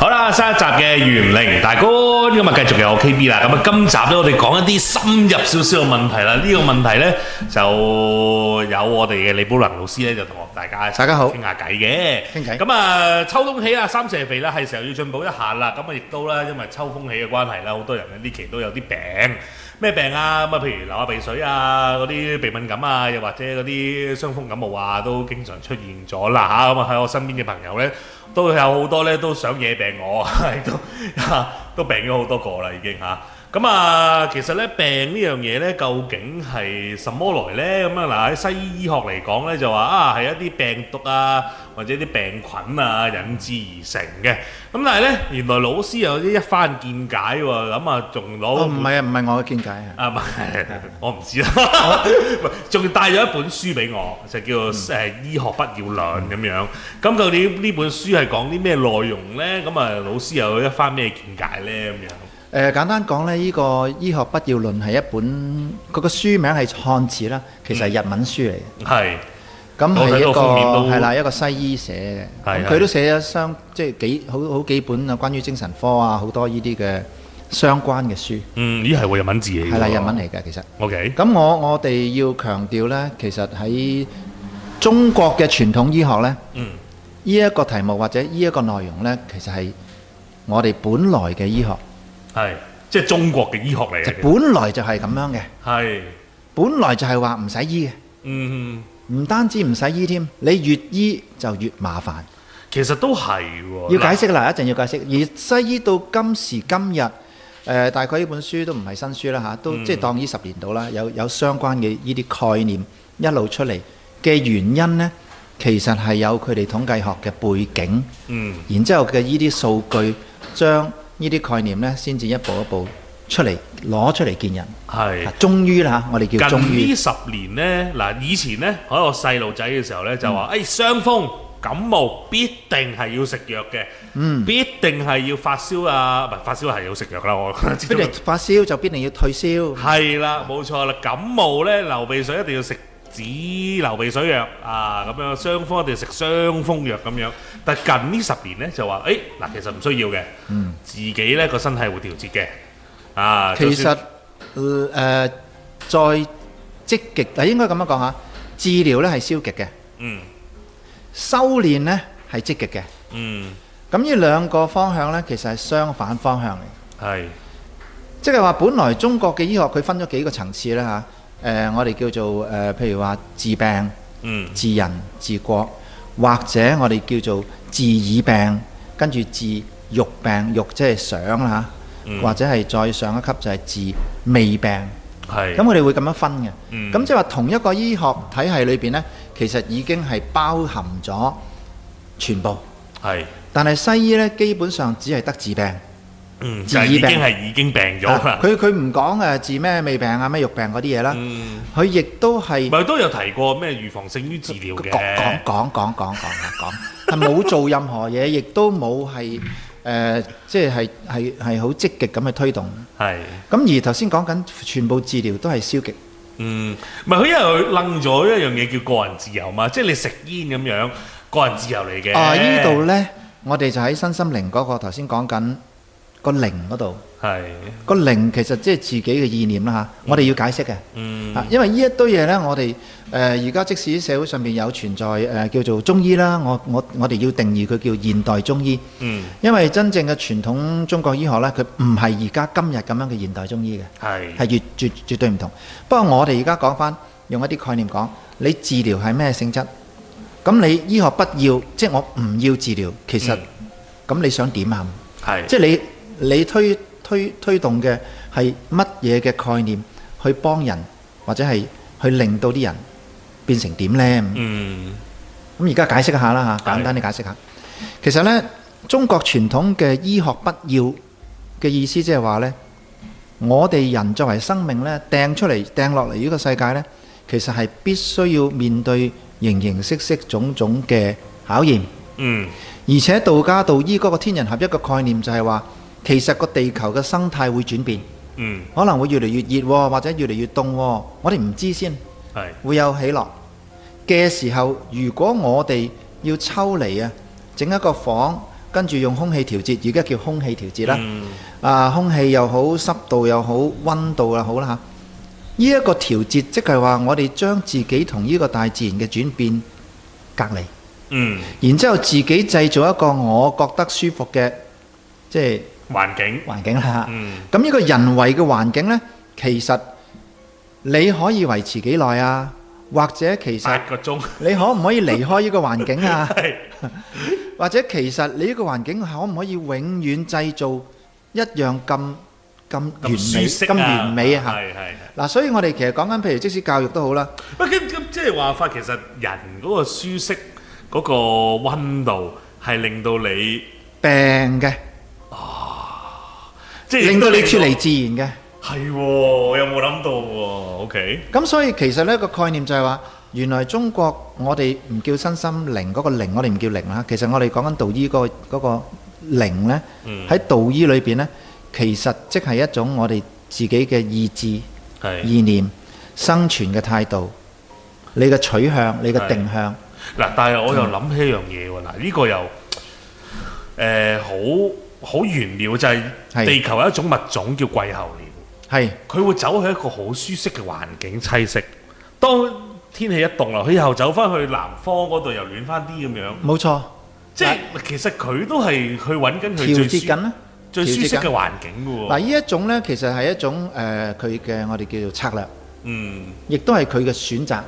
好啦，上一集嘅玄靈大觀，呢個咪繼續有我 K B 啦。咁啊，今集咧我哋講一啲深入少少嘅問題啦。呢個問題咧就有我哋嘅李寶能老師咧就同我大家聊聊聊大家好傾下偈嘅。傾偈。咁啊，秋冬起啊，三蛇肥呢，係時候要進步一下啦。咁啊，亦都咧因為秋風起嘅關係啦，好多人咧呢期都有啲病。咩病啊？咁啊，譬如流下鼻水啊，嗰啲鼻敏感啊，又或者嗰啲傷風感冒啊，都經常出現咗啦吓。咁啊，喺、啊、我身邊嘅朋友咧，都有好多咧都想惹病我 啊，都都病咗好多個啦已經、啊咁啊，其實咧，病呢樣嘢咧，究竟係什麼來咧？咁啊，嗱，喺西醫醫學嚟講咧，就話啊，係一啲病毒啊，或者啲病菌啊引致而成嘅。咁但係咧，原來老師有啲一番見解喎。咁啊，仲攞哦，唔係啊，唔係我嘅見解啊，唔係，我唔知啦。唔係，仲帶咗一本書俾我，就叫做誒《醫學不要論》咁樣。咁究竟呢本書係講啲咩內容咧？咁啊，老師有一番咩見解咧？咁樣。誒、呃、簡單講咧，呢、呢個醫學不要論係一本，佢個書名係漢字啦，其實係日文書嚟。係咁係一個係啦，一個西醫寫嘅。佢、嗯嗯、都寫咗相即係幾好好幾本啊，關於精神科啊，好多呢啲嘅相關嘅書。嗯，依係個日文字嚟。係啦，日文嚟嘅其實。O Okay . K。咁我我哋要強調咧，其實喺中國嘅傳統醫學咧，呢一、嗯、個題目或者呢一個內容咧，其實係我哋本來嘅醫學。嗯係，即係中國嘅醫學嚟嘅。就本來就係咁樣嘅。係、嗯，係本來就係話唔使醫嘅。嗯哼，唔單止唔使醫添，你越醫就越麻煩。其實都係、哦，要解釋嗱，一定了要解釋。而西醫到今時今日，誒、呃，大概呢本書都唔係新書啦吓，都、嗯、即係當呢十年度啦，有有相關嘅依啲概念一路出嚟嘅原因呢，其實係有佢哋統計學嘅背景。嗯。然之後嘅依啲數據將。呢啲概念咧，先至一步一步出嚟攞出嚟見人。係，終於啦嚇，我哋叫近呢十年咧，嗱以前咧，喺我細路仔嘅時候咧，就話誒傷風感冒必定係要食藥嘅，必定係要發燒啊，唔係發燒係要食藥㗎我。必定發燒就必定要退燒。係啦，冇錯啦，感冒咧流鼻水一定要食止流鼻水藥啊，咁樣雙方我哋食雙風藥咁樣，但近呢十年咧就話，誒嗱其實唔需要嘅，自己咧個身體會調節嘅啊。其實誒再積極，嗱應該咁樣講吓，治療咧係消極嘅，嗯，修煉咧係積極嘅，嗯，咁呢兩個方向咧其實係相反方向嚟嘅，係，即係話本來中國嘅醫學佢分咗幾個層次啦吓。誒、呃，我哋叫做誒、呃，譬如話治病、嗯、治人、治國，或者我哋叫做治已病，跟住治欲病，欲即係想啦、嗯、或者係再上一級就係治未病。係，咁我哋會咁樣分嘅。咁即係話同一個醫學體系裏邊呢，其實已經係包含咗全部。係，是 但係西醫呢，基本上只係得治病。嗯，就已經係已經病咗啦。佢佢唔講誒治咩未病啊咩肉病嗰啲嘢啦。佢亦都係咪都有提過咩預防勝於治療嘅？講講講講講講，係冇做任何嘢，亦都冇係誒，即係係係好積極咁去推動。係咁而頭先講緊全部治療都係消極。嗯，咪佢因為佢擸咗一樣嘢叫個人自由嘛，即係你食煙咁樣，個人自由嚟嘅。啊，呢度咧，我哋就喺新心靈嗰個頭先講緊。個靈嗰度，是個靈其實即係自己嘅意念啦嚇。嗯、我哋要解釋嘅，啊、嗯，因為呢一堆嘢呢，我哋誒而家即使社會上面有存在誒、呃、叫做中醫啦，我我我哋要定義佢叫現代中醫，嗯，因為真正嘅傳統中國醫學呢，佢唔係而家今日咁樣嘅現代中醫嘅，係係是越絕絕對唔同。不過我哋而家講返用一啲概念講，你治療係咩性質？咁你醫學不要，即係我唔要治療，其實咁、嗯、你想點啊？係是即係你。你推推推動嘅係乜嘢嘅概念去幫人，或者係去令到啲人變成點呢？嗯，咁而家解釋一下啦嚇，簡單啲解釋下。是的 其實呢，中國傳統嘅醫學不要嘅意思，即係話呢，我哋人作為生命呢，掟出嚟掟落嚟呢個世界呢，其實係必須要面對形形色色、種種嘅考驗。嗯，而且道家道醫嗰個天人合一嘅概念就係話。其實個地球嘅生態會轉變，嗯，可能會越嚟越熱或者越嚟越凍，我哋唔知先，係會有起落嘅時候。如果我哋要抽離啊，整一個房，跟住用空氣調節，而家叫空氣調節啦，啊，空氣又好，濕度又好，温度又好啦嚇。呢一個調節，即係話我哋將自己同呢個大自然嘅轉變隔離，嗯，然之後自己製造一個我覺得舒服嘅，即係。環境環境啦嚇，咁呢個人為嘅環境咧，其實你可以維持幾耐啊？或者其實八個鐘，你可唔可以離開呢個環境啊？或者其實你呢個環境可唔可以永遠製造一樣咁咁完美咁舒適啊？咁完美啊！嗱，所以我哋其實講緊，譬如即使教育都好啦，不咁咁即係話法，其實人嗰個舒適嗰個溫度係令到你病嘅。即係令到你脫離自然嘅，係喎，我有冇諗到喎？OK。咁所以其實呢個概念就係話，原來中國我哋唔叫身心靈，嗰個靈我哋唔叫靈啦。其實我哋講緊道醫個嗰個靈呢，喺道醫裏邊呢，其實即係一種我哋自己嘅意志、意念、生存嘅態度、你嘅取向、你嘅定向。嗱，但係我又諗起一樣嘢喎，嗱，呢個又誒好。好玄妙，就係地球有一種物種叫季候鳥，係佢會走去一個好舒適嘅環境棲息。當天氣一凍落，佢以後走翻去南方嗰度又暖翻啲咁樣。冇錯，即係其實佢都係去揾緊佢調節緊最舒適嘅環境㗎喎。嗱呢一種咧，其實係一種誒佢嘅我哋叫做策略，嗯，亦都係佢嘅選擇。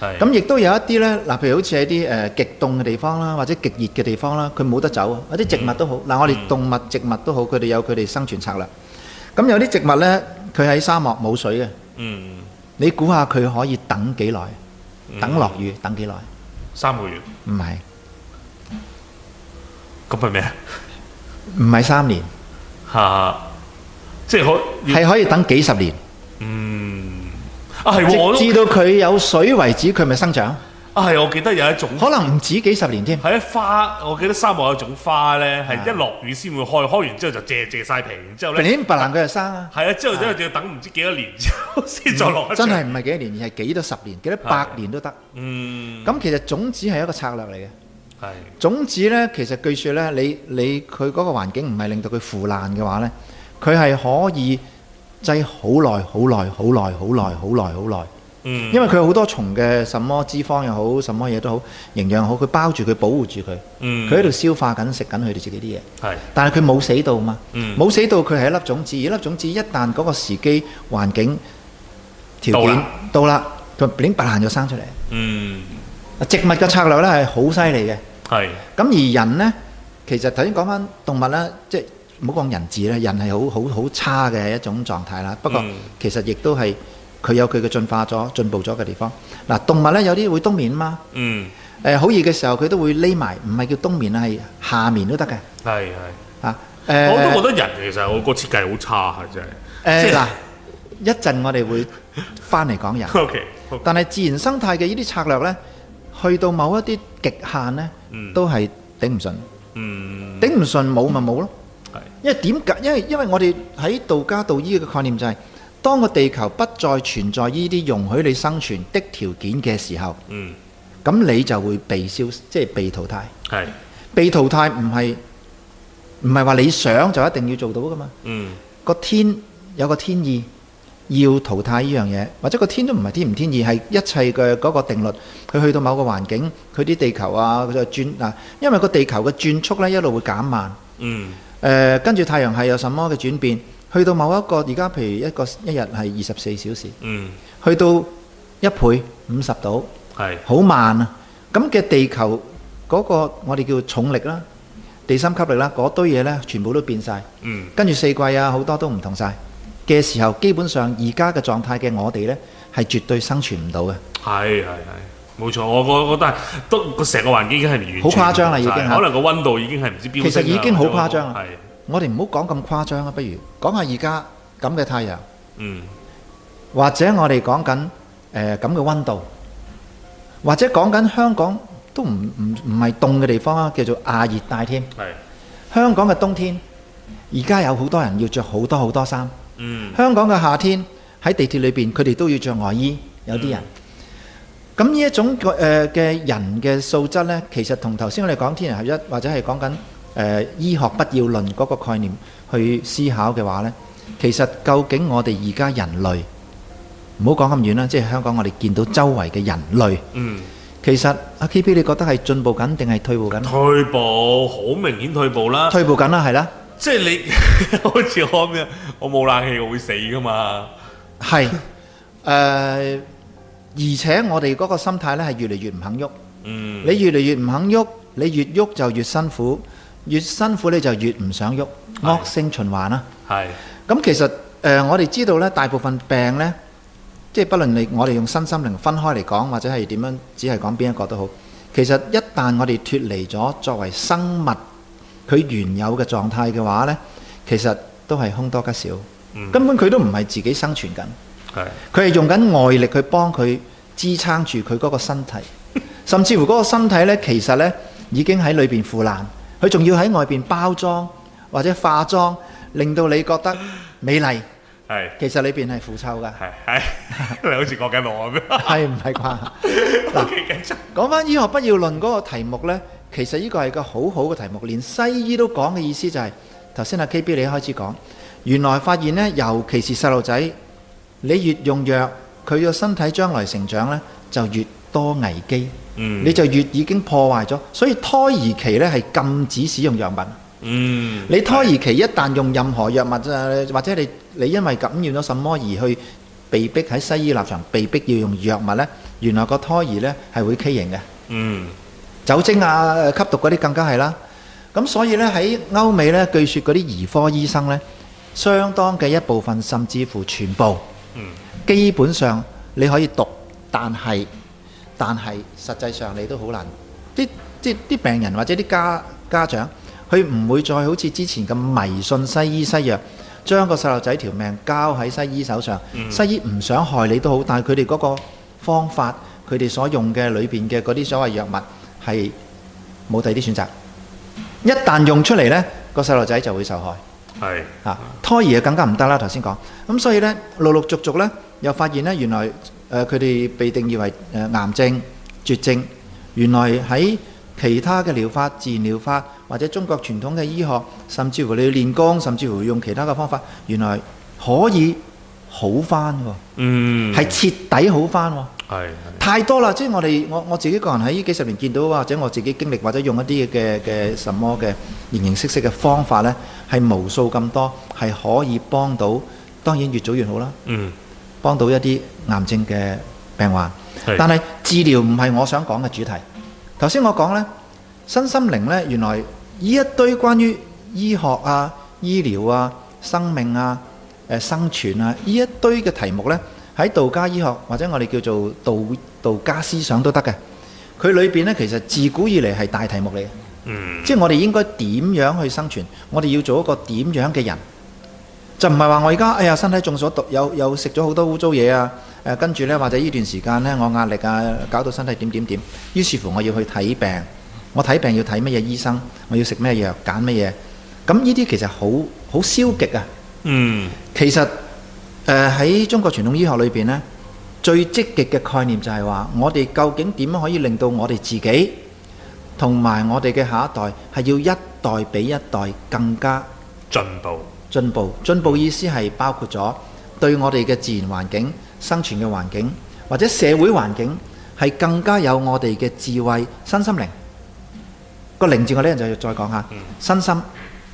咁亦都有一啲咧，嗱，譬如好似喺啲誒極凍嘅地方啦，或者極熱嘅地方啦，佢冇得走啊！或者植物都好，嗱，我哋動物、植物都好，佢哋有佢哋生存策略。咁有啲植物咧，佢喺沙漠冇水嘅，你估下佢可以等幾耐？等落雨等幾耐？三個月？唔係，咁係咩？唔係三年，嚇，即係可係可以等幾十年？嗯。啊，係，哦，知到佢有水為止，佢咪生長。啊，係，我記得有一種可能唔止幾十年添。係啊，花，我記得沙漠有一種花咧，係的一落雨先會開，開完之後就謝謝晒皮，然之後咧，明年佢就生啊。係啊，之後之後就要等唔知幾多年之後先再落。真係唔係幾多年，而係幾多十年，幾多百年都得。嗯。咁其實種子係一個策略嚟嘅。係的。種子咧，其實據説咧，你你佢嗰個環境唔係令到佢腐爛嘅話咧，佢係可以。好耐，好耐，好耐，好耐，好耐，好耐。嗯，因為佢有好多蟲嘅，什麼脂肪又好，什麼嘢都好，營養好，佢包住佢保護住佢。嗯，佢喺度消化緊，食緊佢哋自己啲嘢。係是，但係佢冇死到嘛。嗯，冇死到，佢係一粒種子。而一粒種子，一旦嗰個時機環境條件到啦了，佢亂白行就生出嚟。嗯，植物嘅策略咧係好犀利嘅。係是。咁而人呢，其實頭先講返動物啦。即係。唔好講人字啦，人係好好好差嘅一種狀態啦。不過其實亦都係佢有佢嘅進化咗、進步咗嘅地方。嗱，動物咧有啲會冬眠嘛。嗯。誒，好熱嘅時候佢都會匿埋，唔係叫冬眠啊，係夏眠都得嘅。係係。嚇誒。我都覺得人其實我個設計好差啊，真係。誒嗱，一陣我哋會翻嚟講人。OK。但係自然生態嘅呢啲策略咧，去到某一啲極限咧，都係頂唔順。嗯。頂唔順冇咪冇咯。因為點解？因為因為我哋喺道家道醫嘅概念就係，當個地球不再存在呢啲容許你生存的條件嘅時候，嗯，咁你就會被消，即係被淘汰。係被淘汰唔係唔係話你想就一定要做到噶嘛？嗯，個天有個天意要淘汰呢樣嘢，或者個天都唔係天唔天意，係一切嘅嗰個定律。佢去到某個環境，佢啲地球啊，佢就轉嗱，因為個地球嘅轉速咧一路會減慢。嗯。誒、呃、跟住太陽系有什麼嘅轉變，去到某一個而家，現在譬如一個一日係二十四小時，嗯，去到一倍五十度，係好是慢啊。咁嘅地球嗰、那個我哋叫重力啦，地心吸力啦，嗰堆嘢呢，全部都變晒。嗯，跟住四季啊，好多都唔同晒嘅時候，基本上而家嘅狀態嘅我哋呢，係絕對生存唔到嘅，係係係。冇錯，我我覺得係都個成個環境已經係完全好誇張啦，已經可能個溫度已經係唔知飆幾多度啦。其實已經好誇張啦。係，我哋唔好講咁誇張啊，不如講下而家咁嘅太陽。嗯。或者我哋講緊誒咁嘅溫度，或者講緊香港都唔唔唔係凍嘅地方啊，叫做亞熱帶添。係。香港嘅冬天，而家有好多人要著好多好多衫。嗯。香港嘅夏天喺地鐵裏邊，佢哋都要著外衣，有啲人。咁呢一種嘅誒嘅人嘅素質呢，其實同頭先我哋講天人合一，或者係講緊誒醫學不要論嗰個概念去思考嘅話呢，其實究竟我哋而家人類唔好講咁遠啦，即係香港我哋見到周圍嘅人類，嗯，其實阿 KP 你覺得係進步緊定係退步緊？退步，好明顯退步啦。退步緊啦，係啦。即係你好似我咁樣，我冇冷氣，我會死㗎嘛。係，誒。而且我哋嗰個心態咧係越嚟越唔肯喐，你越嚟越唔肯喐，你越喐就越辛苦，越辛苦你就越唔想喐，惡性循環啦。係。咁其實誒，我哋知道咧，大部分病咧，即係不論你我哋用身心靈分開嚟講，或者係點樣，只係講邊一個都好。其實一旦我哋脫離咗作為生物佢原有嘅狀態嘅話咧，其實都係凶多吉少，根本佢都唔係自己生存緊。佢係是用緊外力去幫佢支撐住佢嗰個身體， 甚至乎嗰個身體呢，其實呢已經喺裏邊腐爛，佢仲要喺外邊包裝或者化妝，令到你覺得美麗。係 是，其實裏邊係腐臭㗎。係，你好似郭敬明咁？係唔係啩？講翻 醫學不要論嗰個題目呢，其實呢個係個好好嘅題目，連西醫都講嘅意思就係頭先阿 KB 你開始講，原來發現呢，尤其是細路仔。你越用藥，佢個身體將來成長呢，就越多危機，嗯、你就越已經破壞咗。所以胎兒期呢，係禁止使用藥物。嗯，你胎兒期一旦用任何藥物、嗯、或者你你因為感染咗什麼而去被逼喺西醫立場被逼要用藥物呢，原來個胎兒呢，係會畸形嘅。嗯，酒精啊、吸毒嗰啲更加係啦。咁所以呢，喺歐美呢，據說嗰啲兒科醫生呢，相當嘅一部分甚至乎全部。嗯，基本上你可以讀，但係但係實際上你都好難，啲啲啲病人或者啲家家長，佢唔會再好似之前咁迷信西醫西藥，將個細路仔條命交喺西醫手上，西醫唔想害你都好，但係佢哋嗰個方法，佢哋所用嘅裏面嘅嗰啲所謂藥物係冇第二啲選擇，一旦用出嚟呢，個細路仔就會受害。係是啊，胎兒更加唔得啦！頭先講咁，所以呢，陸陸續續呢，又發現呢，原來誒佢哋被定義為、呃、癌症絕症，原來喺其他嘅療法自然療法或者中國傳統嘅醫學，甚至乎你要練功，甚至乎用其他嘅方法，原來可以好翻喎、哦，嗯，係徹底好翻喎、哦。係太多啦！即係我哋我我自己個人喺呢幾十年見到，或者我自己經歷，或者用一啲嘅嘅什麼嘅形形色色嘅方法呢，係、嗯、無數咁多，係可以幫到。當然越早越好啦。嗯，幫到一啲癌症嘅病患。嗯、但係治療唔係我想講嘅主題。頭先是我講呢，身心靈呢，原來呢一堆關於醫學啊、醫療啊、生命啊、誒、呃、生存啊，呢一堆嘅題目呢。喺道家醫學或者我哋叫做道道家思想都得嘅，佢裏邊咧其實自古以嚟係大題目嚟嘅，mm. 即係我哋應該點樣去生存？我哋要做一個點樣嘅人？就唔係話我而家，哎呀，身體中咗毒，有又食咗好多污糟嘢啊！誒跟住咧，或者呢段時間咧，我壓力啊，搞到身體點點點，於是乎我要去睇病，我睇病要睇乜嘢醫生？我要食咩藥？揀乜嘢？咁呢啲其實好好消極啊！嗯，mm. 其實。誒喺中國傳統醫學裏邊咧，最積極嘅概念就係話，我哋究竟點樣可以令到我哋自己同埋我哋嘅下一代係要一代比一代更加進步。進步進步意思係包括咗對我哋嘅自然環境、生存嘅環境或者社會環境係更加有我哋嘅智慧、身心靈。個靈字我哋咧就要再講下身心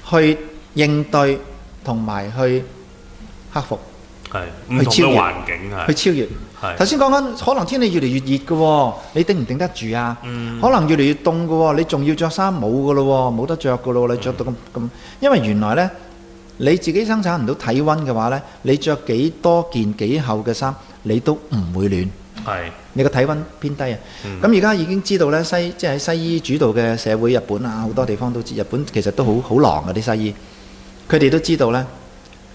去應對同埋去克服。係，去超越環境啊！去超越。係是。頭先講緊，可能天氣越嚟越熱嘅喎、哦，你頂唔頂得住啊？嗯、可能越嚟越凍嘅喎，你仲要着衫冇嘅咯喎，冇、哦、得着嘅咯喎，你着到咁咁。嗯、因為原來咧，你自己生產唔到體温嘅話咧，你着幾多件幾厚嘅衫，你都唔會暖。係是。你個體温偏低啊。咁而家已經知道咧西，即係喺西醫主導嘅社會，日本啊好多地方都知，日本其實都好好狼嗰啲西醫。佢哋都知道咧，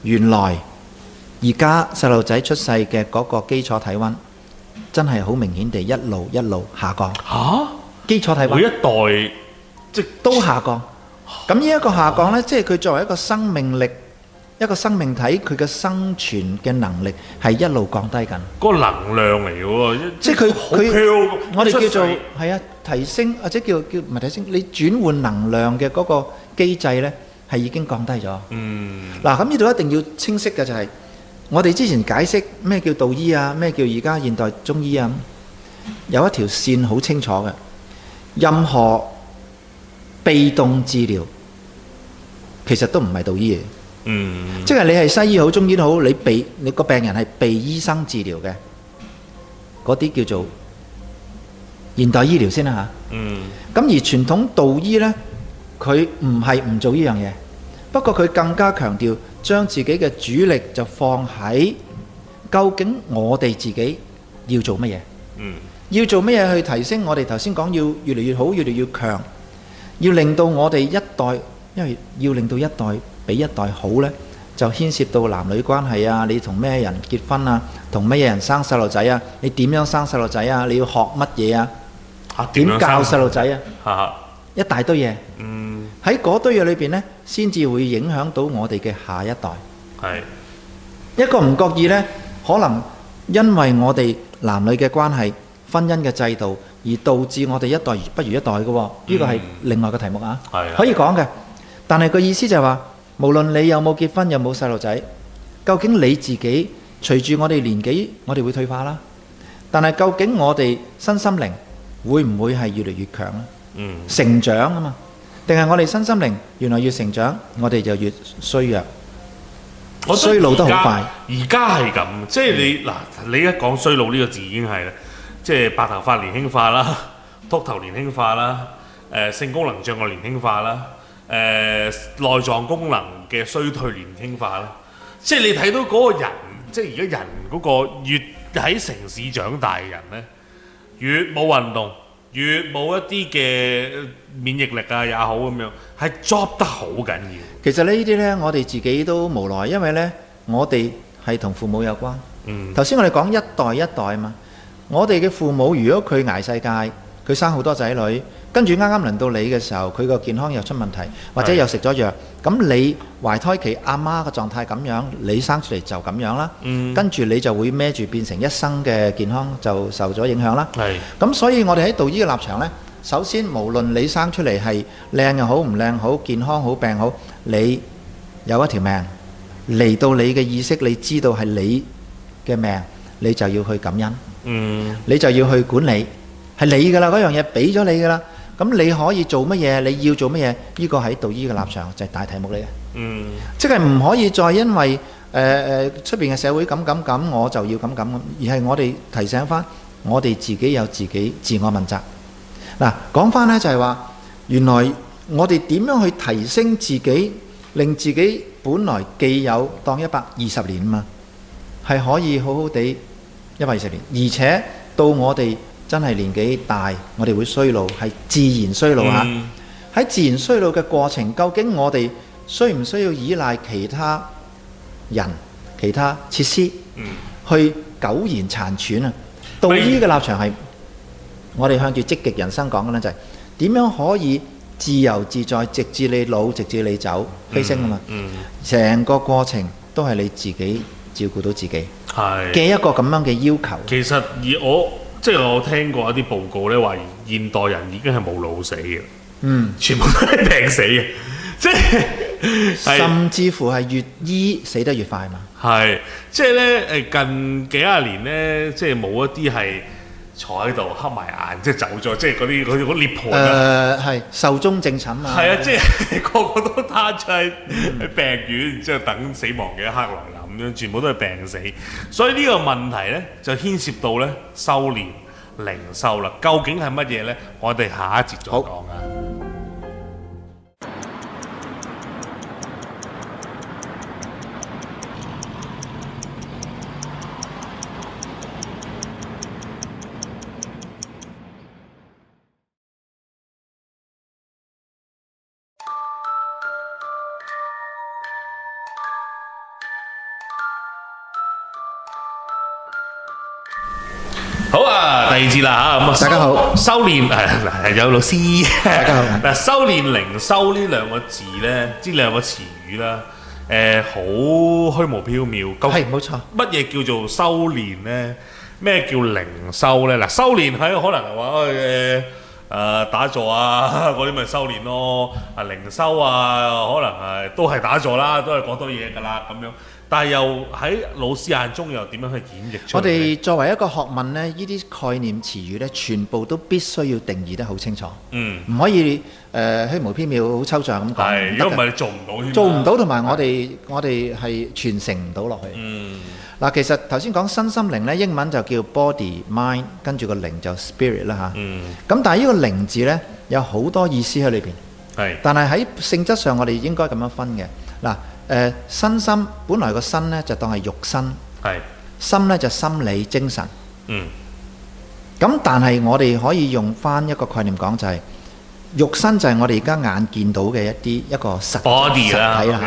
原來。而家細路仔出世嘅嗰個基礎體温，真係好明顯地一路一路下降。嚇！基礎體温每一代即都下降。咁呢一個下降咧，即係佢作為一個生命力、一個生命體，佢嘅生存嘅能力係一路降低緊。個能量嚟嘅喎，即係佢佢我哋叫做係啊提升，或者叫叫唔係提升，你轉換能量嘅嗰個機制咧係已經降低咗。嗯。嗱咁呢度一定要清晰嘅就係。我哋之前解釋咩叫道醫啊，咩叫而家現代中醫啊，有一條線好清楚嘅。任何被動治療，其實都唔係道醫嘅。嗯，即係你係西醫好，中醫好，你被你個病人係被醫生治療嘅，嗰啲叫做現代醫療先啦嚇。嗯。咁而傳統道醫咧，佢唔係唔做呢樣嘢，不過佢更加強調。將自己嘅主力就放喺究竟我哋自己要做乜嘢？嗯，要做乜嘢去提升我哋？頭先講要越嚟越好，越嚟越強，要令到我哋一代，因為要令到一代比一代好呢，就牽涉到男女關係啊，你同咩人結婚啊，同咩人生細路仔啊，你點樣生細路仔啊？你要學乜嘢啊？啊，點教細路仔啊？哈哈，一大堆嘢。嗯。喺嗰堆嘢裏邊呢，先至會影響到我哋嘅下一代。係一個唔覺意呢，可能因為我哋男女嘅關係、婚姻嘅制度，而導致我哋一代不如一代嘅。呢個係另外嘅題目啊，可以講嘅。但係個意思就係話，無論你有冇結婚，有冇細路仔，究竟你自己隨住我哋年紀，我哋會退化啦。但係究竟我哋身心靈會唔會係越嚟越強咧？嗯，成長啊嘛。定係我哋身心靈原來越成長，我哋就越衰弱，我衰老得好快。而家係咁，即係你嗱，你一講衰老呢個字已經係啦，即係白頭髮年輕化啦，禿頭年輕化啦，誒性功能障礙年輕化啦，誒內臟功能嘅衰退年輕化啦，即係你睇到嗰個人，即係而家人嗰個越喺城市長大嘅人咧，越冇運動。越冇一啲嘅免疫力啊也好咁樣，係 drop 得好緊要。其實呢啲呢，我哋自己都無奈，因為呢，我哋係同父母有關。頭先、嗯、我哋講一代一代嘛，我哋嘅父母如果佢捱世界，佢生好多仔女。跟住啱啱輪到你嘅時候，佢個健康又出問題，或者又食咗藥。咁你懷胎期阿媽嘅狀態咁樣，你生出嚟就咁樣啦。嗯，跟住你就會孭住變成一生嘅健康就受咗影響啦。係咁，所以我哋喺道醫嘅立場呢，首先無論你生出嚟係靚又好唔靚好，健康好病好，你有一條命嚟到你嘅意識，你知道係你嘅命，你就要去感恩。嗯，你就要去管理，係你噶啦，嗰樣嘢俾咗你噶啦。咁你可以做乜嘢？你要做乜嘢？呢個喺讀醫嘅立場就係大題目嚟嘅。嗯，即係唔可以再因為誒誒出邊嘅社會咁咁咁，我就要咁咁。而係我哋提醒翻，我哋自己有自己自我問責。嗱，講翻呢就係話，原來我哋點樣去提升自己，令自己本來既有當一百二十年啊嘛，係可以好好地一百二十年，而且到我哋。真係年紀大，我哋會衰老，係自然衰老啊！喺、嗯、自然衰老嘅過程，究竟我哋需唔需要依賴其他人、其他設施、嗯、去苟延殘喘啊？道醫嘅立場係，嗯、我哋向住積極人生講嘅呢，就係點樣可以自由自在，直至你老，直至你走飛升啊嘛！成、嗯嗯、個過程都係你自己照顧到自己嘅係一個咁樣嘅要求。其實而我即係我聽過一啲報告咧，話現代人已經係冇老死嘅，嗯，全部都係病死嘅，即係甚至乎係越醫死得越快嘛。係，即係咧誒，近幾廿年咧，即係冇一啲係坐喺度瞌埋眼即係走咗，即係嗰啲嗰啲咧誒係壽終正寢啊，係啊，即係個個都攤喺病院，即係、嗯、等死亡嘅一刻來。全部都係病死，所以呢個問題咧就牽涉到咧修煉靈修啦。究竟係乜嘢咧？我哋下一節再講。啊。啦嚇，大家好，修練係係有老師，大家好。嗱，修練、靈修呢兩個字咧，呢兩個詞語啦，誒，好虛無縹緲。咁係冇錯，乜嘢叫做修練咧？咩叫靈修咧？嗱，修練喺可能係話誒誒打坐啊嗰啲咪修練咯，啊靈修啊，可能係都係打坐啦，都係講多嘢噶啦咁樣。但係又喺老師眼中又點樣去演繹出嚟？我哋作為一個學問呢，呢啲概念詞語呢，全部都必須要定義得好清楚。嗯。唔可以誒、呃、虛無縹緲、好抽象咁講。係是。如果唔係，你做唔到做唔到同埋我哋，是我哋係傳承唔到落去。嗯。嗱，其實頭先講身心靈呢，英文就叫 body mind，跟住個靈就 spirit 啦嚇。咁、嗯啊、但係呢個靈字呢，有好多意思喺裏邊。係是。但係喺性質上，我哋應該咁樣分嘅。嗱、啊。誒身心，本來個身咧就當係肉身，係心咧就心理精神。嗯。咁但係我哋可以用返一個概念講，就係肉身就係我哋而家眼見到嘅一啲一個實體啦。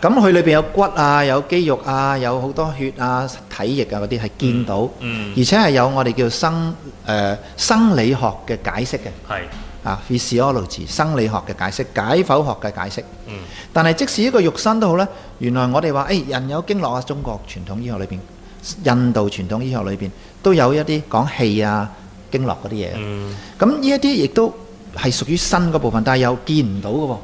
咁佢裏邊有骨啊，有肌肉啊，有好多血啊、體液啊嗰啲係見到，嗯，而且係有我哋叫生誒生理學嘅解釋嘅，係。啊 Physiology 生理學嘅解釋，解剖學嘅解釋。嗯。但係即使一個肉身都好咧，原來我哋話，誒、欸、人有經絡啊，中國傳統醫學裏面，印度傳統醫學裏面，都有一啲講氣啊、經絡嗰啲嘢。嗯。咁呢一啲亦都係屬於身嘅部分，但係又見唔到嘅喎。哦，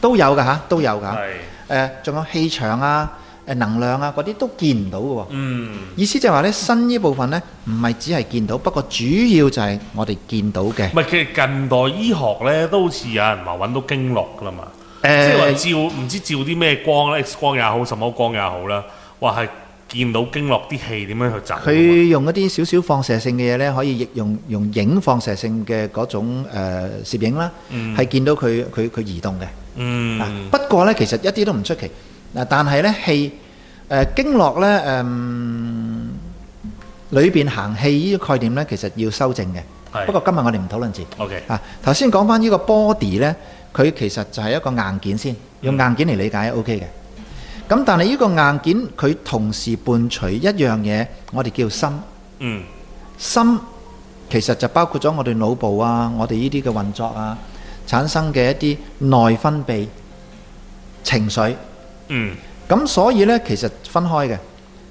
都有㗎吓，啊，都有㗎。係是。誒、呃，仲有氣場啊。誒能量啊，嗰啲都見唔到嘅喎。嗯，意思就係話咧，新呢部分咧，唔係只係見到，不過主要就係我哋見到嘅。唔係，其實近代醫學咧，都好似有人話揾到經絡㗎喇嘛，即係話照唔知照啲咩光咧，X 光也好，什麼光也好啦，話係見到經絡啲氣點樣去走。佢用一啲少少放射性嘅嘢咧，可以用用影放射性嘅嗰種誒攝影啦，係見到佢佢佢移動嘅。嗯，不過咧，其實一啲都唔出奇。嗱，但係咧，氣誒經絡咧，誒裏邊行氣依個概念咧，其實要修正嘅。係不過今日我哋唔討論住。O K。啊，頭先講翻依個 body 咧，佢其實就係一個硬件先，用硬件嚟理解係 O K 嘅。咁但係依個硬件佢同時伴隨一樣嘢，我哋叫心。嗯。心其實就包括咗我哋腦部啊，我哋依啲嘅運作啊，產生嘅一啲內分泌情緒。嗯，咁所以呢，其實分開嘅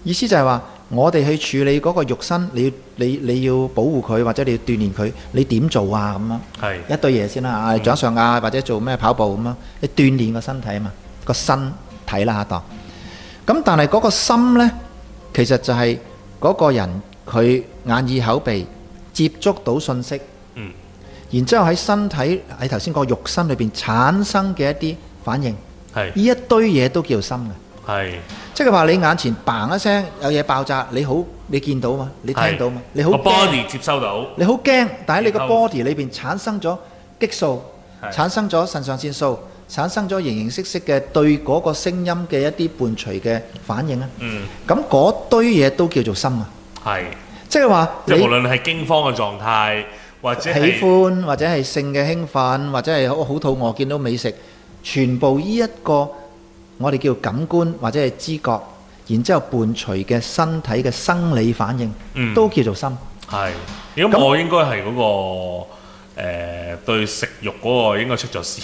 意思就係話，我哋去處理嗰個肉身，你要你你要保護佢或者你要鍛鍊佢，你點做啊？咁樣是一堆嘢先啦、啊、嚇，嗯、掌上壓啊或者做咩跑步咁樣，你鍛鍊個身體啊嘛，個身體啦阿當。咁但係嗰個心呢，其實就係嗰個人佢眼耳口鼻接觸到信息，嗯、然之後喺身體喺頭先嗰個肉身裏面產生嘅一啲反應，呢一堆嘢都叫做心嘅，係，即係話你眼前 bang 一聲有嘢爆炸，你好你見到嘛，你聽到嘛，你好 body 接收到，你好驚，但係你個 body 裏邊產生咗激素，產生咗腎上腺素，產生咗形形色色嘅對嗰個聲音嘅一啲伴隨嘅反應啊，嗯，咁嗰堆嘢都叫做心啊，係，即係話，即係無論係驚慌嘅狀態或者喜歡或者係性嘅興奮或者係好好肚餓見到美食。全部依一個我哋叫感官或者係知覺，然之後伴隨嘅身體嘅生理反應，都叫做心。係，如果我應該係嗰個誒對食慾嗰個應該出咗事。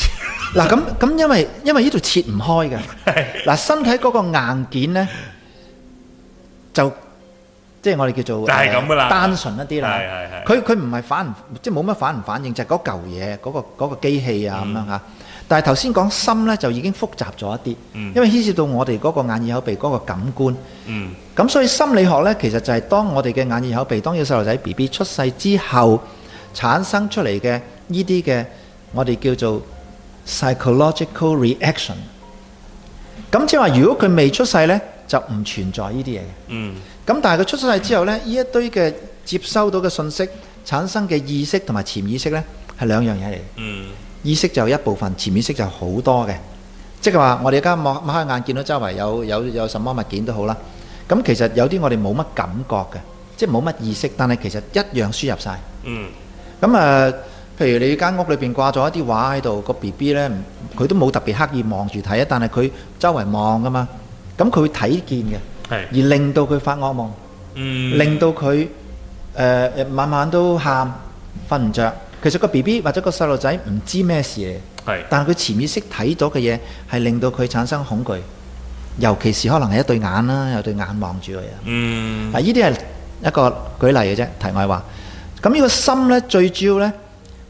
嗱，咁咁因為因為依度切唔開嘅。嗱，身體嗰個硬件咧，就即係我哋叫做就係咁噶啦，單純一啲啦。係係係。佢佢唔係反即係冇乜反唔反應，就係嗰嚿嘢嗰個嗰個機器啊咁樣嚇。但係頭先講心咧，就已經複雜咗一啲，嗯、因為牽涉到我哋嗰個眼耳口鼻嗰個感官。嗯。咁所以心理學咧，其實就係當我哋嘅眼耳口鼻，當一個細路仔 B B 出世之後產生出嚟嘅呢啲嘅我哋叫做 psychological reaction。咁即係話，如果佢未出世咧，就唔存在呢啲嘢嘅。嗯。咁但係佢出世之後咧，呢一堆嘅接收到嘅信息產生嘅意識同埋潛意識咧，係兩樣嘢嚟嘅。嗯。意識就有一部分，潛意識就好多嘅，即係話我哋而家望開眼見到周圍有有有什麼物件都好啦。咁其實有啲我哋冇乜感覺嘅，即係冇乜意識，但係其實一樣輸入曬。嗯。咁誒，譬如你間屋裏邊掛咗一啲畫喺度，個 B B 咧，佢都冇特別刻意望住睇，但係佢周圍望噶嘛，咁佢會睇見嘅，而令到佢發惡夢，令到佢誒晚晚都喊瞓唔著。其實個 B B 或者個細路仔唔知咩事嘅，但係佢潛意識睇咗嘅嘢係令到佢產生恐懼，尤其是可能係一對眼啦，有對眼望住佢。嗯，啊，呢啲係一個舉例嘅啫。題外話，咁呢個心咧，最主要咧，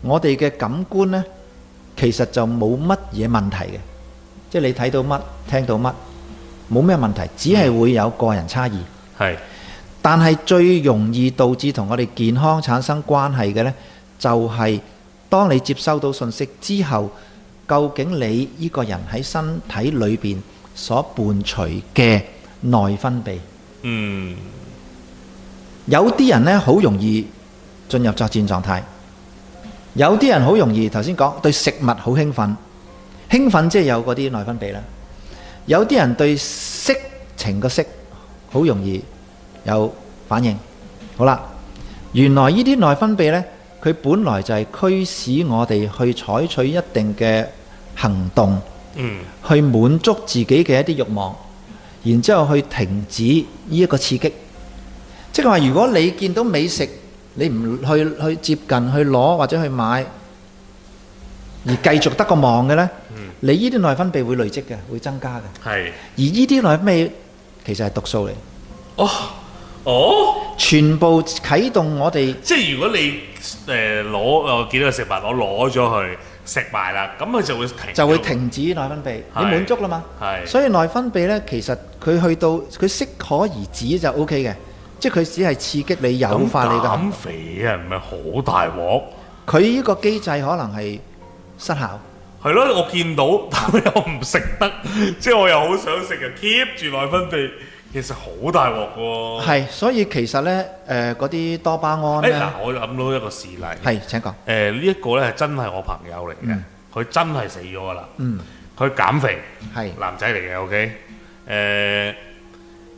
我哋嘅感官咧，其實就冇乜嘢問題嘅，即係你睇到乜、聽到乜，冇咩問題，只係會有個人差異。係，但係最容易導致同我哋健康產生關係嘅咧。就係當你接收到信息之後，究竟你依個人喺身體裏邊所伴隨嘅內分泌，嗯，有啲人呢好容易進入作戰狀態，有啲人好容易頭先講對食物好興奮，興奮即係有嗰啲內分泌啦。有啲人對色情個色好容易有反應。好啦，原來依啲內分泌呢。佢本來就係驅使我哋去採取一定嘅行動，嗯，去滿足自己嘅一啲慾望，然之後去停止呢一個刺激。即係話，如果你見到美食，你唔去去接近去攞或者去買，而繼續得個望嘅呢，你呢啲內分泌會累積嘅，會增加嘅。係。而呢啲內分泌其實係毒素嚟。哦，哦。全部啟動我哋，即係如果你誒攞誒見到個食物，我攞咗去食埋啦，咁佢就會停，就會停止內分泌，你滿足啦嘛。係，所以內分泌咧，其實佢去到佢適可而止就 OK 嘅，即係佢只係刺激你有減肥啊，唔係好大鑊。佢呢個機制可能係失效。係咯，我見到，但係我又唔食得，即係我又好想食啊，keep 住內分泌，其實好大鑊㗎喎，係，所以其實咧，誒嗰啲多巴胺咧，誒嗱，我諗到一個事例，係，請講，誒呢一個咧係真係我朋友嚟嘅，佢真係死咗㗎啦，嗯，佢減肥，係，男仔嚟嘅，OK，誒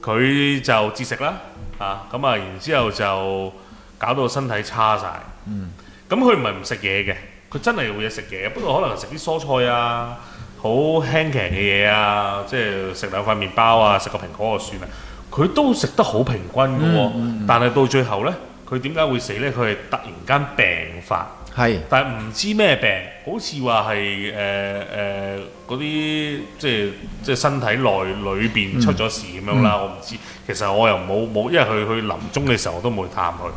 佢就節食啦，啊，咁啊，然之後就搞到身體差曬，嗯，咁佢唔係唔食嘢嘅，佢真係有嘢食嘅，不過可能食啲蔬菜啊。好輕奇嘅嘢啊！即係食兩塊麵包啊，食個蘋果就算啦。佢都食得好平均㗎喎，哦，嗯嗯，但係到最後呢，佢點解會死呢？佢係突然間病發，係是，但係唔知咩病，好似話係誒誒嗰啲即係即係身體內裏邊出咗事咁樣啦。嗯、我唔知。嗯、其實我又冇冇，因為佢去臨終嘅時候我都冇去探佢，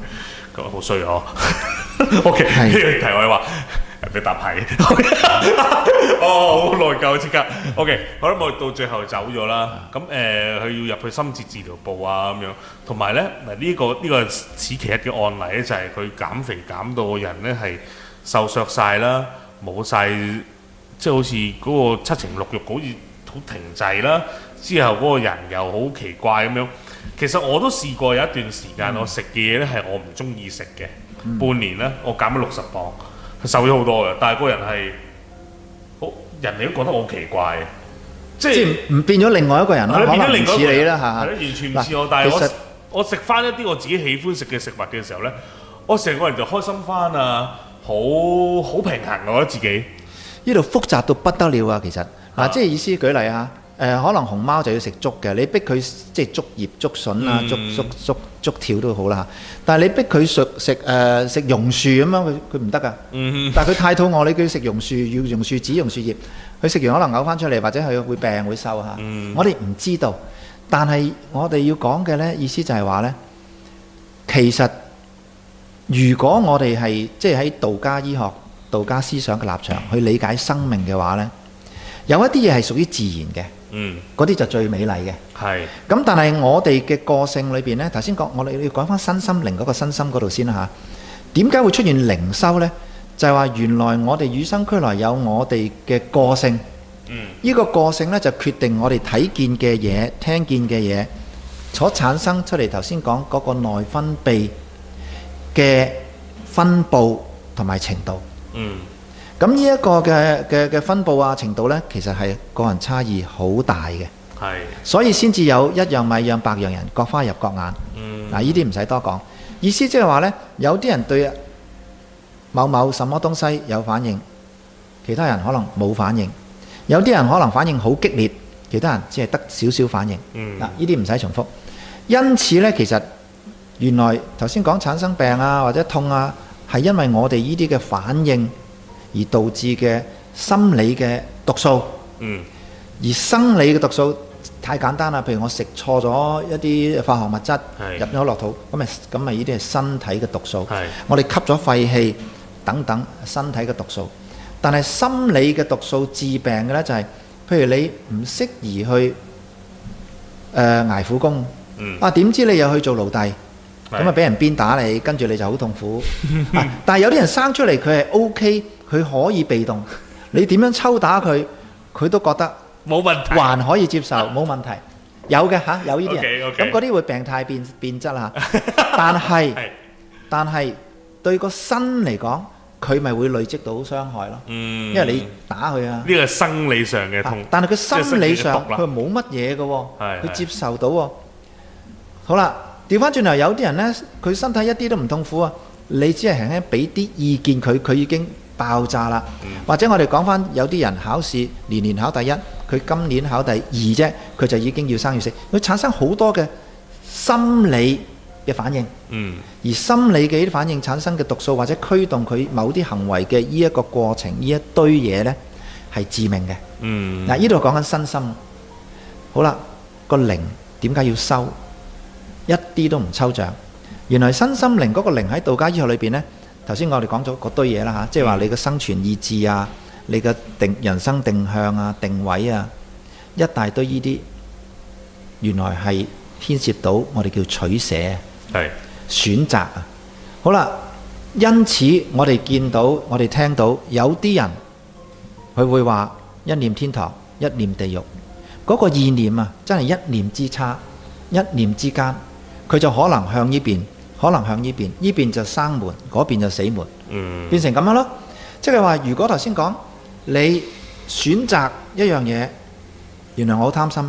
佢好衰哦。 OK，呢我係你答係，哦，好內疚啊！即刻，OK，好啦，我到最後走咗啦。咁誒，佢要入去深切治療部啊咁樣，同埋咧，咪呢個呢個此奇嘅案例咧，就係佢減肥減到個人咧係瘦削曬啦，冇曬，即係好似嗰個七情六慾，好似好停滯啦。之後嗰個人又好奇怪咁樣。其實我都試過有一段時間，我食嘅嘢咧係我唔中意食嘅，半年咧我減咗六十磅。瘦咗好多嘅，但係個人係好人哋都覺得好奇怪嘅，即係唔變咗另外一個人咯，可能唔似你啦，嚇，係完全唔似我，嘆但係我其實我食翻一啲我自己喜歡食嘅食物嘅時候咧，我成個人就開心翻啊，好好平衡，我覺得自己呢度複雜到不得了啊，其實嗱，嘆即係意思舉例啊。誒、呃、可能熊貓就要食竹嘅，你逼佢即係竹葉、竹筍啊、竹竹竹竹條都好啦，但係你逼佢食食誒食榕樹咁樣，佢佢唔得噶。Mm hmm. 但係佢太肚餓，你叫佢食榕樹要榕樹枝、榕樹葉，佢食完可能嘔翻出嚟，或者佢會病會瘦嚇。下 mm hmm. 我哋唔知道，但係我哋要講嘅咧意思就係話呢。其實如果我哋係即係喺道家醫學、道家思想嘅立場去理解生命嘅話呢，有一啲嘢係屬於自然嘅。嗯，嗰啲就最美麗嘅。係，咁但係我哋嘅個性裏邊呢，頭先講，我哋要講返身心靈嗰個身心嗰度先啦吓。點解會出現靈修呢？就係話原來我哋與生俱來有我哋嘅個性。嗯，呢個個性呢就決定我哋睇見嘅嘢、聽見嘅嘢，所產生出嚟。頭先講嗰個內分泌嘅分佈同埋程度。嗯。咁呢一個嘅嘅嘅分布啊程度呢，其實係個人差異好大嘅，係，所以先至有一樣米養百樣人，各花入各眼。嗯，嗱，呢啲唔使多講，意思即係話呢：有啲人對某某什麼東西有反應，其他人可能冇反應；有啲人可能反應好激烈，其他人只係得少少反應。嗯，嗱，呢啲唔使重複，因此呢，其實原來頭先講產生病啊或者痛啊，係因為我哋呢啲嘅反應。而導致嘅心理嘅毒素，嗯，而生理嘅毒素太簡單啦。譬如我食錯咗一啲化學物質，是入咗落肚，咁咪咁咪呢啲係身體嘅毒素。是我哋吸咗廢氣等等身體嘅毒素，但係心理嘅毒素致病嘅咧就係、是，譬如你唔適宜去誒、呃、捱苦工，嗯，啊點知你又去做奴隸？咁啊，俾人鞭打你，跟住你就好痛苦。但係有啲人生出嚟，佢係 OK，佢可以被動。你點樣抽打佢，佢都覺得冇問題，還可以接受，冇問題。有嘅吓，有呢啲人。咁嗰啲會病態變變質吓。但係，但係對個身嚟講，佢咪會累積到傷害咯。因為你打佢啊。呢個係生理上嘅痛，但係佢心理上佢冇乜嘢嘅，佢接受到。好啦。調翻轉頭，有啲人呢，佢身體一啲都唔痛苦啊！你只係輕輕俾啲意見佢，佢已經爆炸啦。或者我哋講翻，有啲人考試年年考第一，佢今年考第二啫，佢就已經要生要死，佢產生好多嘅心理嘅反應。嗯、而心理嘅反應產生嘅毒素，或者驅動佢某啲行為嘅呢一個過程，呢一堆嘢呢，係致命嘅。嗱，呢度講緊身心。好啦，那個靈點解要收？一啲都唔抽象。原來身心靈嗰個靈喺道家醫學裏邊呢，頭先我哋講咗嗰堆嘢啦嚇，即係話你嘅生存意志啊，你嘅定人生定向啊、定位啊，一大堆呢啲，原來係牽涉到我哋叫取捨、係選擇啊。好啦，因此我哋見到我哋聽到有啲人，佢會話一念天堂，一念地獄。嗰個意念啊，真係一念之差，一念之間。佢就可能向呢邊，可能向呢邊，呢邊就生門，嗰邊就死門，變成咁樣咯。即係話，如果頭先講，你選擇一樣嘢，原來我好貪心，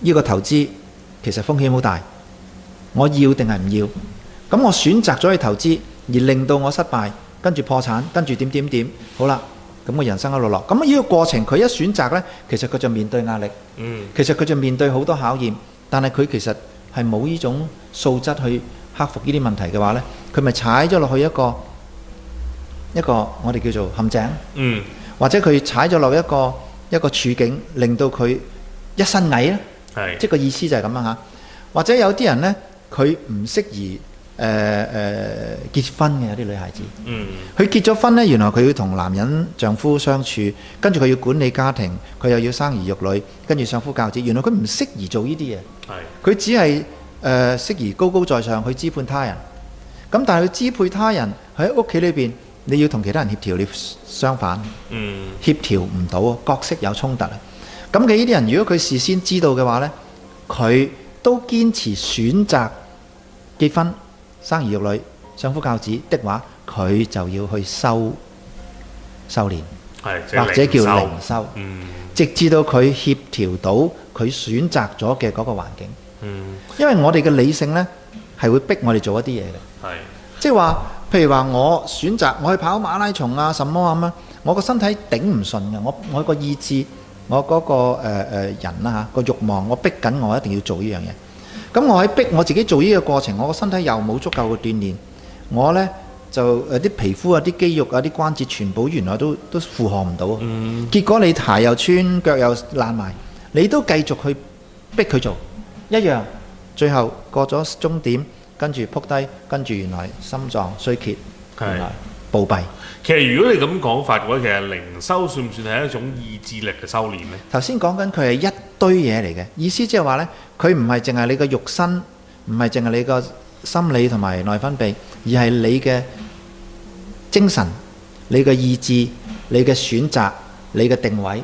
呢個投資其實風險好大，我要定係唔要？咁我選擇咗去投資，而令到我失敗，跟住破產，跟住點點點，好啦，咁我人生一落落。咁呢個過程，佢一選擇呢，其實佢就面對壓力，其實佢就面對好多考驗，但係佢其實，係冇依呢種素質去克服呢啲問題嘅話咧，佢咪踩咗落去一個一個我哋叫做陷阱，嗯，或者佢踩咗落一個一個處境，令到佢一身蟻咧，係，即個意思就係咁樣吓。或者有啲人咧，佢唔適宜。誒誒、呃呃、結婚嘅有啲女孩子，嗯，佢結咗婚呢，原來佢要同男人丈夫相處，跟住佢要管理家庭，佢又要生兒育女，跟住相夫教子。原來佢唔適宜做呢啲嘢，係佢是只係、呃、適宜高高在上去支，他他支配他人。咁但係佢支配他人喺屋企裏邊，你要同其他人協調，你相反，嗯，協調唔到，角色有衝突啊。咁嘅呢啲人，如果佢事先知道嘅話呢，佢都堅持選擇結婚，生兒育女、相夫教子的話，佢就要去修修煉，修修或者叫靈修，嗯、直至到佢協調到佢選擇咗嘅嗰個環境。嗯、因為我哋嘅理性呢，係會逼我哋做一啲嘢嘅。即係話，譬如話我選擇我去跑馬拉松啊，什麼啊乜，我個身體頂唔順嘅，我我個意志，我嗰、那個誒、呃呃、人啦、啊、嚇，個慾望，我逼緊我一定要做呢樣嘢。咁我喺逼我自己做呢個過程，我個身體又冇足夠嘅鍛鍊，我呢，就啲、呃、皮膚啊、啲肌肉啊、啲、啊、關節全部原來都都負荷唔到，嗯、結果你鞋又穿，腳又爛埋，你都繼續去逼佢做一樣，最後過咗終點，跟住撲低，跟住原來心臟衰竭，是原來。暴斃。其實如果你咁講法嘅話，其實靈修算唔算係一種意志力嘅修煉呢？頭先講緊佢係一堆嘢嚟嘅，意思即係話呢，佢唔係淨係你個肉身，唔係淨係你個心理同埋內分泌，而係你嘅精神、你嘅意志、你嘅選擇、你嘅定位。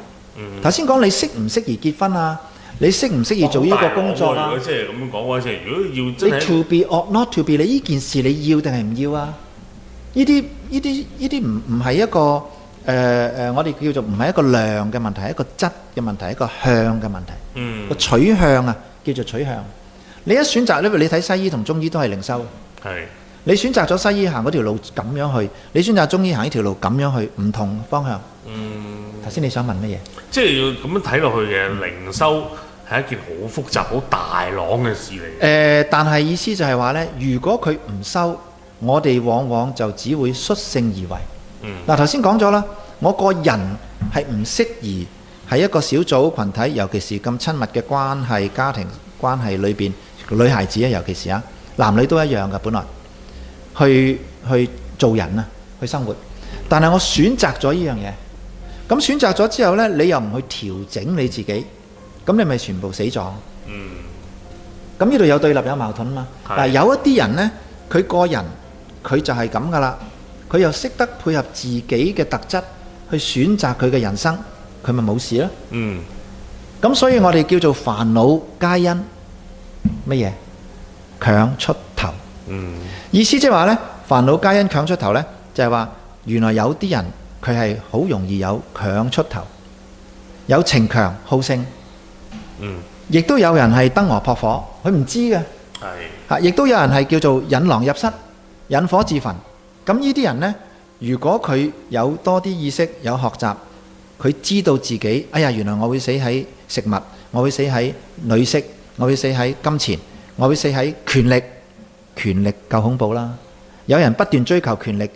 頭先講你適唔適宜結婚啊？你適唔適宜做呢個工作啊？即係咁講話，即係如果要你 to be or not to be，你呢件事你要定係唔要啊？呢啲呢啲呢啲唔唔係一個、呃、我哋叫做唔係一個量嘅問題，一個質嘅問題，一個向嘅問題。嗯，個取向啊，叫做取向。你一選擇呢，你睇西醫同中醫都係零修靈修。是你選擇咗西醫行嗰條路咁樣去，你選擇中醫行呢條路咁樣去，唔同方向。嗯。頭先你想問乜嘢？即係要咁樣睇落去嘅靈修，係一件好複雜、好大浪嘅事嚟、呃。但係意思就係話咧，如果佢唔收。我哋往往就只會率性而為。嗯。嗱，頭先講咗啦，我個人係唔適宜喺一個小組羣體，尤其是咁親密嘅關係、家庭關係裏邊，女孩子啊，尤其是啊，男女都一樣嘅本來去去做人啊，去生活。但係我選擇咗呢樣嘢，咁選擇咗之後呢，你又唔去調整你自己，咁你咪全部死咗。嗯。咁呢度有對立有矛盾啊嘛。嗱，有一啲人呢，佢個人。佢就係咁噶啦，佢又識得配合自己嘅特質去選擇佢嘅人生，佢咪冇事咯。嗯，咁所以我哋叫做煩惱皆因乜嘢？強出頭。嗯。意思即係話呢，煩惱皆因強出頭呢，就係話原來有啲人佢係好容易有強出頭，有逞強好勝。嗯。亦都有人係燈蛾撲火，佢唔知嘅。係。啊！亦都有人係叫做引狼入室。引火自焚，咁呢啲人呢，如果佢有多啲意識，有學習，佢知道自己，哎呀，原來我會死喺食物，我會死喺女色，我會死喺金錢，我會死喺權力，權力夠恐怖啦！有人不斷追求權力，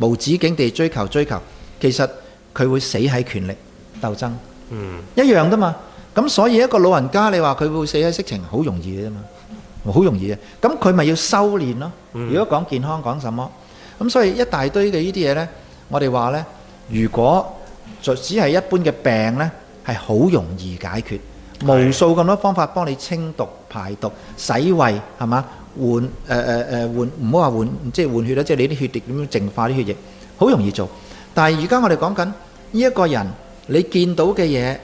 無止境地追求追求，其實佢會死喺權力鬥爭，嗯，一樣㗎嘛。咁所以一個老人家，你話佢會死喺色情，好容易嘅啫嘛。好容易嘅，咁佢咪要修煉咯。嗯、如果講健康講什麼？咁所以一大堆嘅呢啲嘢呢，我哋話呢，如果就只係一般嘅病呢，係好容易解決，的無數咁多方法幫你清毒、排毒、洗胃，係嘛？換誒誒誒換，唔好話換，即係換血啦，即係你啲血液點樣淨化啲血液，好容易做。但係而家我哋講緊呢一個人你，你見到嘅嘢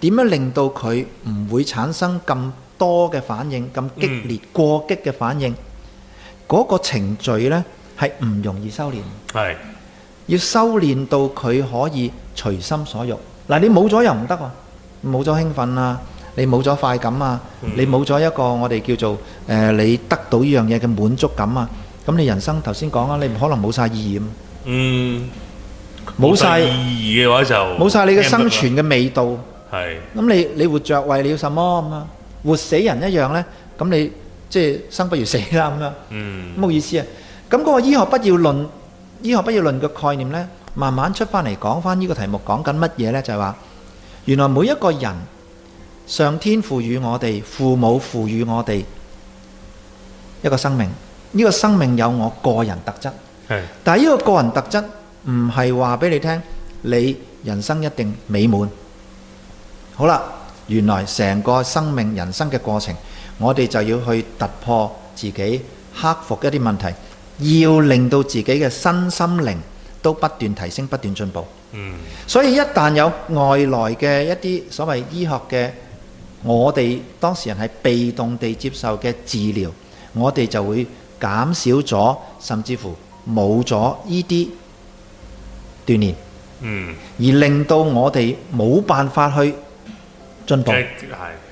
點樣令到佢唔會產生咁多嘅反應咁激烈、過激嘅反應，嗰個程序呢係唔容易修煉。係要修煉到佢可以隨心所欲。嗱，你冇咗又唔得喎，冇咗興奮啊，你冇咗快感啊，你冇咗一個我哋叫做誒，你得到呢樣嘢嘅滿足感啊。咁你人生頭先講啦，你唔可能冇晒意義。嗯，冇晒意義嘅話就冇晒你嘅生存嘅味道。係咁，你你活著為了什麼啊？活死人一樣呢，咁你即係生不如死啦咁樣，冇意思啊！咁嗰個醫學不要論，醫學不要論嘅概念呢，慢慢出翻嚟講翻呢個題目講緊乜嘢呢？就係話，原來每一個人，上天賦予我哋，父母賦予我哋一個生命，呢個生命有我個人特質，但係呢個個人特質唔係話俾你聽，你人生一定美滿。好啦。原來成個生命人生嘅過程，我哋就要去突破自己、克服一啲問題，要令到自己嘅身心靈都不斷提升、不斷進步。嗯。所以一旦有外來嘅一啲所謂醫學嘅，我哋當事人係被動地接受嘅治療，我哋就會減少咗，甚至乎冇咗呢啲鍛鍊。嗯。而令到我哋冇辦法去進步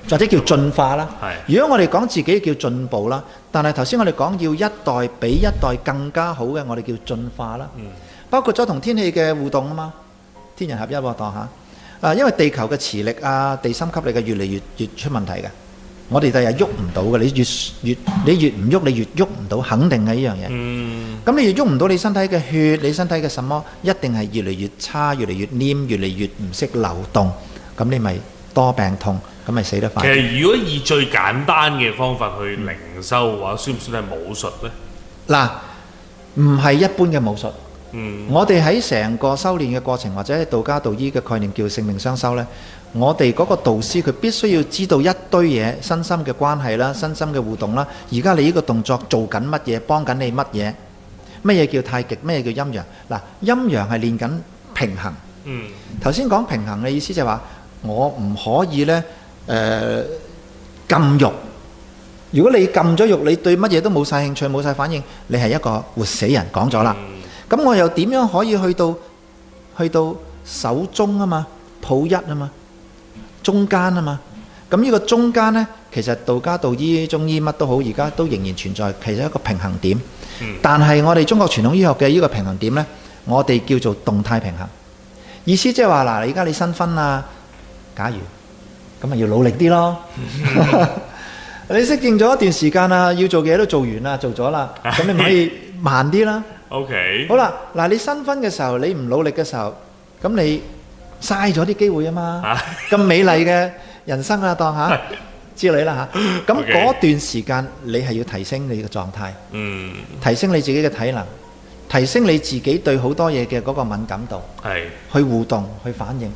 或者叫進化啦。如果我哋講自己叫進步啦，但係頭先我哋講要一代比一代更加好嘅，我哋叫進化啦。包括咗同天氣嘅互動啊嘛，天人合一噃，當下，因為地球嘅磁力啊、地心吸力嘅越嚟越越出問題嘅，我哋第日喐唔到嘅。你越越你越唔喐，你越喐唔到，肯定係呢樣嘢。咁你越喐唔到，你身體嘅血、你身體嘅什麼一定係越嚟越差、越嚟越黏、越嚟越唔識流動，咁你咪。多病痛咁咪死得快。其實，如果以最簡單嘅方法去靈修嘅話，算唔算係武術呢？嗱，唔係一般嘅武術。嗯。我哋喺成個修練嘅過程，或者係道家道醫嘅概念叫性命雙修呢。我哋嗰個導師佢必須要知道一堆嘢，身心嘅關係啦，身心嘅互動啦。而家你呢個動作做緊乜嘢？幫緊你乜嘢？乜嘢叫太極？乜嘢叫陰陽？嗱，陰陽係練緊平衡。嗯。頭先講平衡嘅意思就係話。我唔可以呢，誒禁肉。如果你禁咗肉，你對乜嘢都冇晒興趣，冇晒反應，你係一個活死人。講咗啦，咁我又點樣可以去到去到手中吖嘛，抱一吖嘛，中間吖嘛，咁呢個中間呢，其實道家、道醫、中醫乜都好，而家都仍然存在，其實一個平衡點。但係我哋中國傳統醫學嘅呢個平衡點呢，我哋叫做動態平衡，意思即係話嗱，你而家你新婚啊。假如咁咪，要努力啲咯。你適應咗一段時間啦，要做嘅嘢都做完啦，做咗啦。咁你咪可以慢啲啦。OK。好啦，嗱，你新婚嘅時候，你唔努力嘅時候，咁你嘥咗啲機會啊嘛。咁美麗嘅人生啊，當下之類啦嚇。咁嗰段時間，你係要提升你嘅狀態，提升你自己嘅體能，提升你自己對好多嘢嘅嗰個敏感度，去互動、去反應。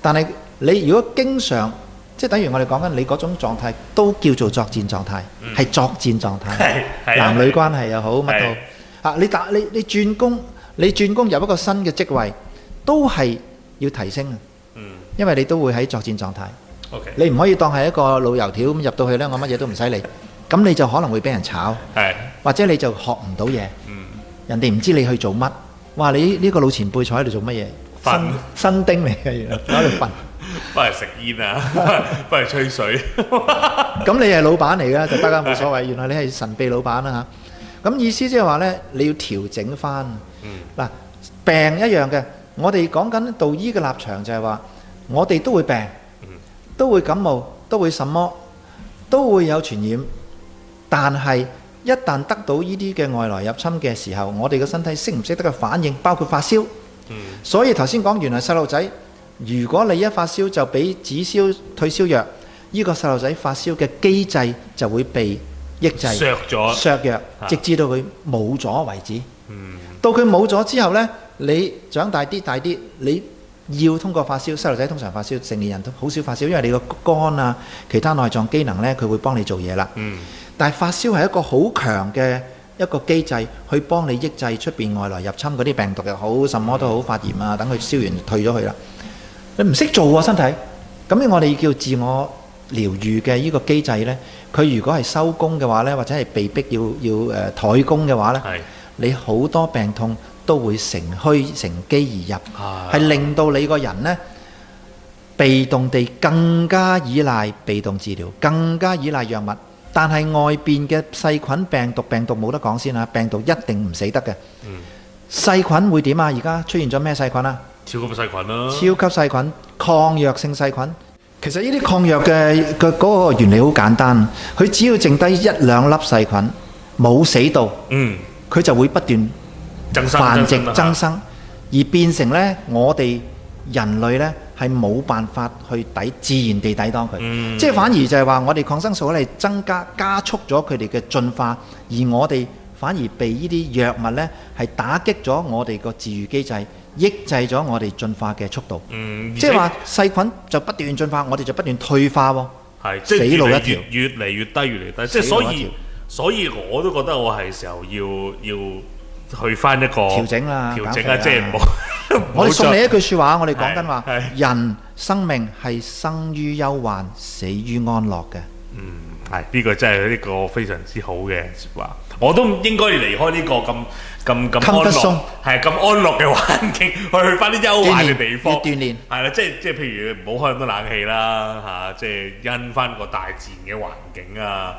但係你如果經常即係等於我哋講緊，你嗰種狀態都叫做作戰狀態，係作戰狀態。係係男女關係又好乜都啊你打你你轉工，你轉工入一個新嘅職位，都係要提升啊。嗯，因為你都會喺作戰狀態。O K，你唔可以當係一個老油條咁入到去咧，我乜嘢都唔使理，咁你就可能會俾人炒。係，或者你就學唔到嘢。嗯，人哋唔知你去做乜，哇！你呢呢個老前輩坐喺度做乜嘢？瞓新丁嚟嘅，喺度瞓。翻嚟食煙啊！翻嚟吹水。咁你係老闆嚟噶就得啦，冇所謂。原來你係神秘老闆啦嚇。咁意思即係話呢，你要調整翻。嗯。嗱，病一樣嘅，我哋講緊道醫嘅立場就係話，我哋都會病，都會感冒，都會什麼，都會有傳染。但係一旦得到呢啲嘅外來入侵嘅時候，我哋嘅身體識唔識得嘅反應，包括發燒。嗯。所以頭先講原來細路仔。如果你一發燒就俾止燒退燒藥，呢個細路仔發燒嘅機制就會被抑制、削弱，直至到佢冇咗為止。嗯，到佢冇咗之後咧，你長大啲大啲，你要通過發燒。細路仔通常發燒，成年人都好少發燒，因為你個肝啊、其他內臟機能咧，佢會幫你做嘢啦。嗯，但係發燒係一個好強嘅一個機制，去幫你抑制出面外來入侵嗰啲病毒又好，什麼都好，發炎啊，等佢燒完退咗佢啦。你唔識做喎，身體，咁樣我哋叫自我療愈嘅依個機制咧，佢如果係收工嘅話咧，或者係被逼要要誒怠工嘅話咧，你好多病痛都會乘虛乘機而入，係令到你個人咧，被動地更加依賴被動治療，更加依賴藥物。但係外邊嘅細菌、病毒、病毒冇得講先啦，病毒一定唔死得嘅。細菌會點啊？而家出現咗咩細菌啊？超級細菌咯，超級細菌、抗藥性細菌。其實呢啲抗藥嘅嘅嗰個原理好簡單，佢只要剩低一兩粒細菌冇死到，嗯，佢就會不斷繁殖增生，而變成呢我哋人類呢係冇辦法去抵自然地抵擋佢，即係反而就係話我哋抗生素咧增加加速咗佢哋嘅進化，而我哋反而被呢啲藥物呢係打擊咗我哋個治癒機制。抑制咗我哋進化嘅速度，即係話細菌就不斷進化，我哋就不斷退化喎，係死路一條。越嚟越，越，越，越，越低，越嚟越低，即係所以，所以我都覺得我係時候要要去翻一個調整啦，調整啊，整啊即係唔好。的 做我哋我送你一句説話，我哋講緊話，人生命係生於憂患，死於安樂嘅。嗯係，呢、這個真係呢個非常之好嘅說話，我都唔應該離開呢個咁咁咁安樂，咁安樂嘅環境，去去翻啲休閒嘅地方，鍛鍊。係啦，即係即係譬如唔好開咁多冷氣啦，嚇、啊，即係因翻個大自然嘅環境啊，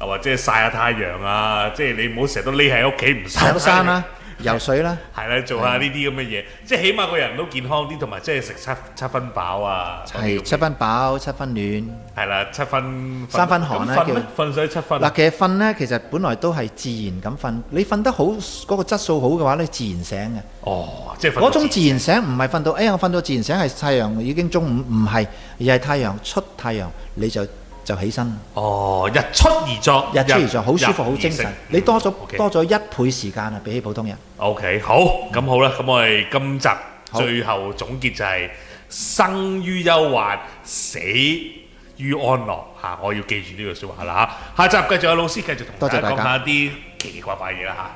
又或者曬下太陽，太陽啊，即係你唔好成日都匿喺屋企唔出山啦。游水啦，係啦，做下呢啲咁嘅嘢，即係起碼個人都健康啲，同埋即係食七七分飽啊，係七分飽，七分暖，係啦，七分三分寒啦叫。瞓咧，瞓睡七分。嗱，其實瞓咧，其實本來都係自然咁瞓。你瞓得好，嗰個質素好嘅話咧，你自然醒嘅。哦，即係嗰種自然醒，唔係瞓到哎呀，我瞓到自然醒係太陽已經中午，唔係而係太陽出，太陽你就。就起身哦，日出而作，日,日出而作，好舒服，好日精神。嗯、你多咗 okay. 多咗一倍時間啊，比起普通人。OK，好，咁好啦，咁、嗯、我哋今集最後總結就係、是、好生於憂患，死於安樂。嚇，我要記住呢句説話啦！嚇，下集繼續有老師繼續同大家,多謝大家講下啲奇奇怪怪嘢啦！嚇、啊。